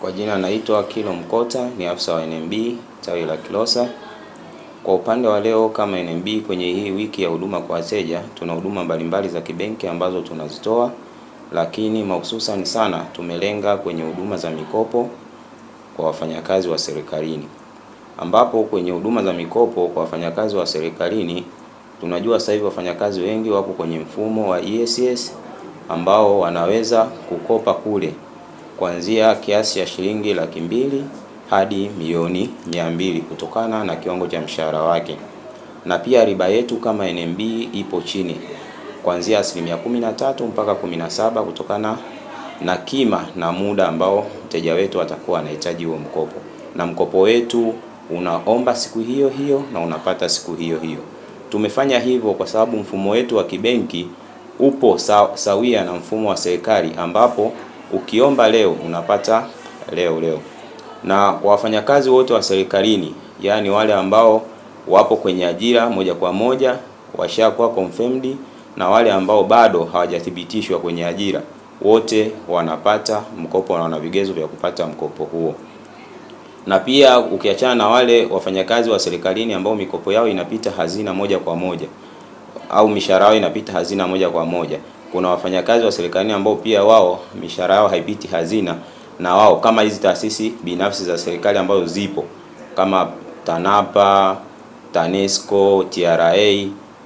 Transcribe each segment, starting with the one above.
Kwa jina naitwa Kilo Mkota, ni afisa wa NMB tawi la Kilosa. Kwa upande wa leo, kama NMB kwenye hii wiki ya huduma kwa wateja, tuna huduma mbalimbali za kibenki ambazo tunazitoa, lakini mahususan sana tumelenga kwenye huduma za mikopo kwa wafanyakazi wa serikalini, ambapo kwenye huduma za mikopo kwa wafanyakazi wa serikalini tunajua sasa hivi wafanyakazi wengi wapo kwenye mfumo wa ESS ambao wanaweza kukopa kule kuanzia kiasi ya shilingi laki mbili hadi milioni mia mbili kutokana na kiwango cha mshahara wake, na pia riba yetu kama NMB ipo chini kuanzia asilimia 13 mpaka 17 kutokana na kima na muda ambao mteja wetu atakuwa anahitaji huo mkopo, na mkopo wetu unaomba siku hiyo hiyo na unapata siku hiyo hiyo. Tumefanya hivyo kwa sababu mfumo wetu wa kibenki upo sawia na mfumo wa serikali ambapo Ukiomba leo unapata leo leo. Na kwa wafanyakazi wote wa serikalini, yaani wale ambao wapo kwenye ajira moja kwa moja washakuwa confirmed na wale ambao bado hawajathibitishwa kwenye ajira, wote wanapata mkopo na wana vigezo vya kupata mkopo huo. Na pia ukiachana na wale wafanyakazi wa serikalini ambao mikopo yao inapita hazina moja kwa moja au mishahara yao inapita hazina moja kwa moja. Kuna wafanyakazi wa serikali ambao pia wao mishahara yao haipiti hazina, na wao kama hizi taasisi binafsi za serikali ambazo zipo kama TANAPA, TANESCO, TRA,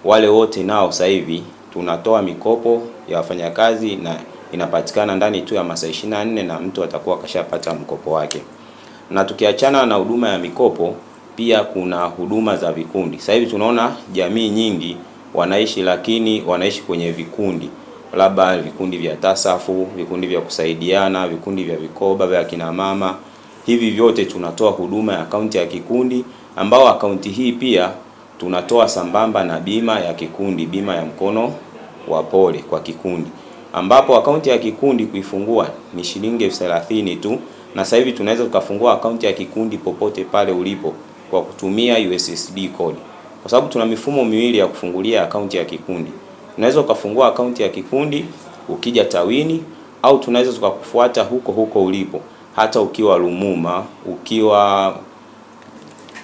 wale wote nao sasa hivi tunatoa mikopo ya wafanyakazi na inapatikana ndani tu ya masaa 24 na mtu atakuwa kashapata mkopo wake. Na tukiachana na huduma ya mikopo, pia kuna huduma za vikundi. Sasa hivi tunaona jamii nyingi wanaishi, lakini wanaishi kwenye vikundi, labda vikundi vya tasafu, vikundi vya kusaidiana, vikundi vya vikoba vya kina mama. Hivi vyote tunatoa huduma ya akaunti ya kikundi, ambao akaunti hii pia tunatoa sambamba na bima ya kikundi, bima ya mkono wa pole kwa kikundi, ambapo akaunti ya kikundi kuifungua ni shilingi elfu thelathini tu, na sasa hivi tunaweza tukafungua akaunti ya kikundi popote pale ulipo kwa kutumia USSD code kwa sababu tuna mifumo miwili ya kufungulia akaunti ya kikundi. Unaweza ukafungua akaunti ya kikundi ukija tawini, au tunaweza tukakufuata huko huko ulipo, hata ukiwa Lumuma, ukiwa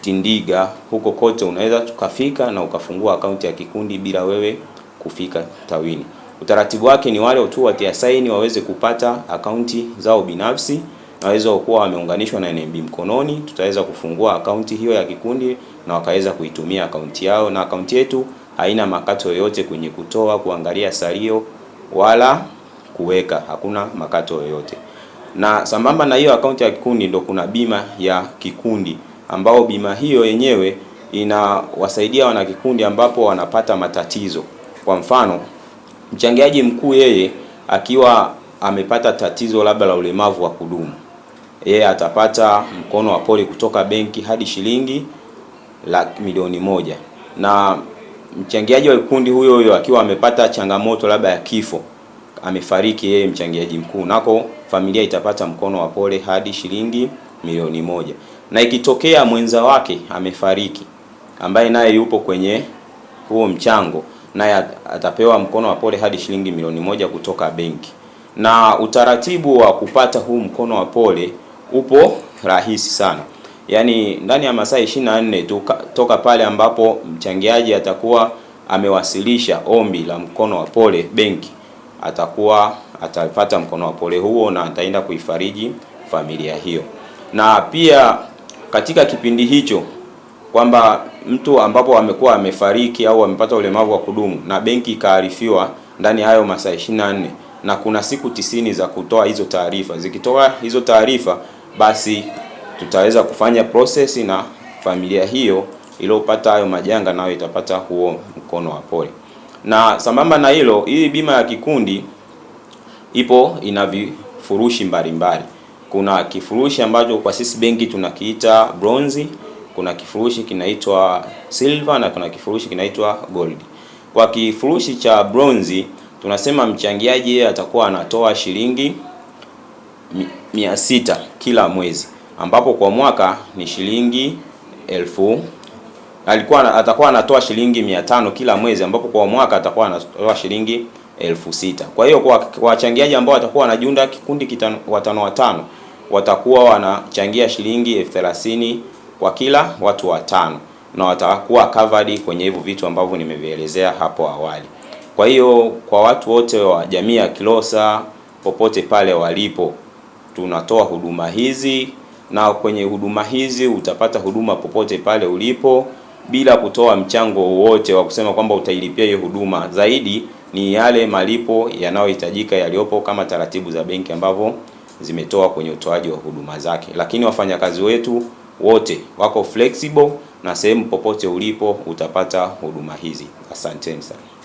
Tindiga, huko kote unaweza tukafika na ukafungua akaunti ya kikundi bila wewe kufika tawini. Utaratibu wake ni wale tu watiasaini waweze kupata akaunti zao binafsi waweza kuwa wameunganishwa na NMB mkononi, tutaweza kufungua akaunti hiyo ya kikundi na wakaweza kuitumia akaunti yao, na akaunti yetu haina makato yoyote kwenye kutoa, kuangalia salio wala kuweka, hakuna makato yoyote. Na sambamba na hiyo akaunti ya kikundi ndo kuna bima ya kikundi, ambao bima hiyo yenyewe inawasaidia wanakikundi ambapo wanapata matatizo. Kwa mfano, mchangiaji mkuu yeye akiwa amepata tatizo labda la ulemavu wa kudumu yeye atapata mkono wa pole kutoka benki hadi shilingi laki milioni moja na mchangiaji wa kundi huyo huyo akiwa amepata changamoto labda ya kifo, amefariki yeye mchangiaji mkuu, nako familia itapata mkono wa pole hadi shilingi milioni moja. Na ikitokea mwenza wake amefariki, ambaye naye yupo kwenye huo mchango, naye atapewa mkono wa pole hadi shilingi milioni moja kutoka benki. Na utaratibu wa kupata huu mkono wa pole upo rahisi sana, yaani ndani ya masaa 24 tu toka pale ambapo mchangiaji atakuwa amewasilisha ombi la mkono wa pole benki, atakuwa atapata mkono wa pole huo na ataenda kuifariji familia hiyo, na pia katika kipindi hicho kwamba mtu ambapo amekuwa amefariki au amepata ulemavu wa kudumu na benki ikaarifiwa ndani ya hayo masaa 24 na kuna siku tisini za kutoa hizo taarifa. Zikitoa hizo taarifa basi tutaweza kufanya prosesi na familia hiyo iliyopata hayo majanga, nayo itapata huo mkono wa pole. Na sambamba na hilo, hii bima ya kikundi ipo ina vifurushi mbalimbali. Kuna kifurushi ambacho kwa sisi benki tunakiita bronze, kuna kifurushi kinaitwa silver na kuna kifurushi kinaitwa gold. Kwa kifurushi cha bronze tunasema mchangiaji atakuwa anatoa shilingi mia sita kila mwezi, ambapo kwa mwaka ni shilingi elfu alikuwa atakuwa anatoa shilingi mia tano kila mwezi, ambapo kwa mwaka atakuwa anatoa shilingi elfu sita. Kwa hiyo kwa wachangiaji ambao watakuwa wanajiunda kikundi kitano, watano watano watakuwa wanachangia shilingi elfu thelathini kwa kila watu watano na watakuwa covered kwenye hivyo vitu ambavyo nimevielezea hapo awali. Kwa hiyo kwa watu wote wa jamii ya Kilosa popote pale walipo tunatoa huduma hizi, na kwenye huduma hizi utapata huduma popote pale ulipo bila kutoa mchango wowote wa kusema kwamba utailipia hiyo huduma. Zaidi ni yale malipo yanayohitajika yaliyopo kama taratibu za benki ambavyo zimetoa kwenye utoaji wa huduma zake. Lakini wafanyakazi wetu wote wako flexible na sehemu popote ulipo utapata huduma hizi. Asanteni sana.